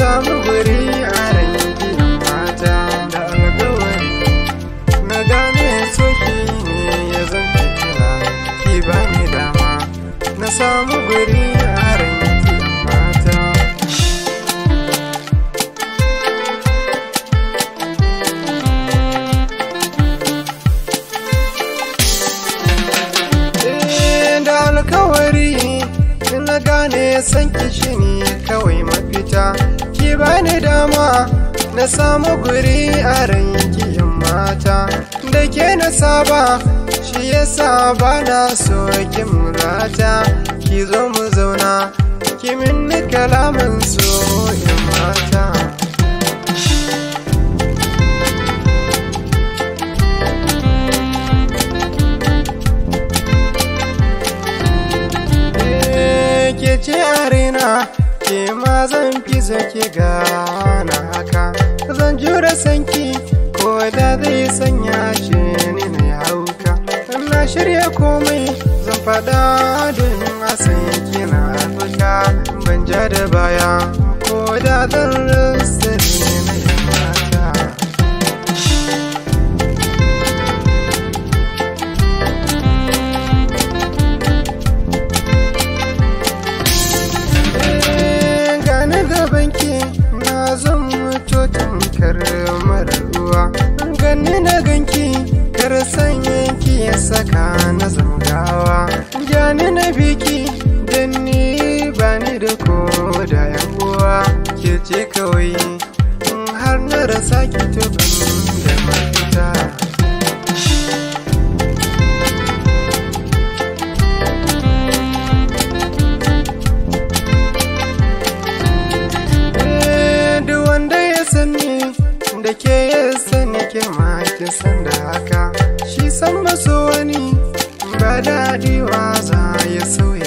samu guri a rangin mata da alkawari na gane soki ne ya zan fitila ki bani dama na samu guri a rangin mata eh, da alkawari na gane san kishi ne dama na samu guri a ranki mata da ke na saba shi ya saba na so ki murata ki zo mu zauna ki minni kalamin so mata ce a ke ma zan fi zake gana haka zan jura sanki ko da zai sanya shi ni na hauka na shirya komai zan fada don asan na fuka ban ja da baya ko da zan rasa ki ya saka na zangawa. ja na biki dan ni ba ni da ko da yanguwa ke ce kawai har na rasa ki to da mafita eh, da ke sanda da haka shi san maso wani ba daɗi wa za ya sauya